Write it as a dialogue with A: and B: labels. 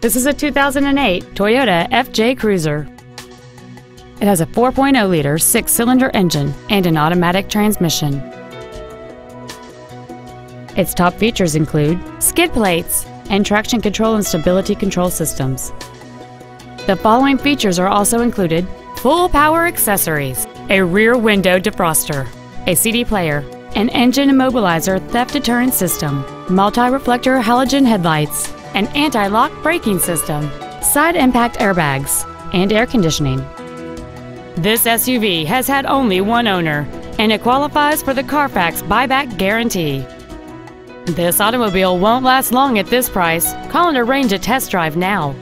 A: This is a 2008 Toyota FJ Cruiser. It has a 4.0-liter six-cylinder engine and an automatic transmission. Its top features include skid plates and traction control and stability control systems. The following features are also included full power accessories, a rear window defroster, a CD player, an engine immobilizer theft deterrent system, multi-reflector halogen headlights, an anti-lock braking system, side impact airbags, and air conditioning. This SUV has had only one owner, and it qualifies for the Carfax buyback guarantee. This automobile won't last long at this price. Call and arrange a test drive now.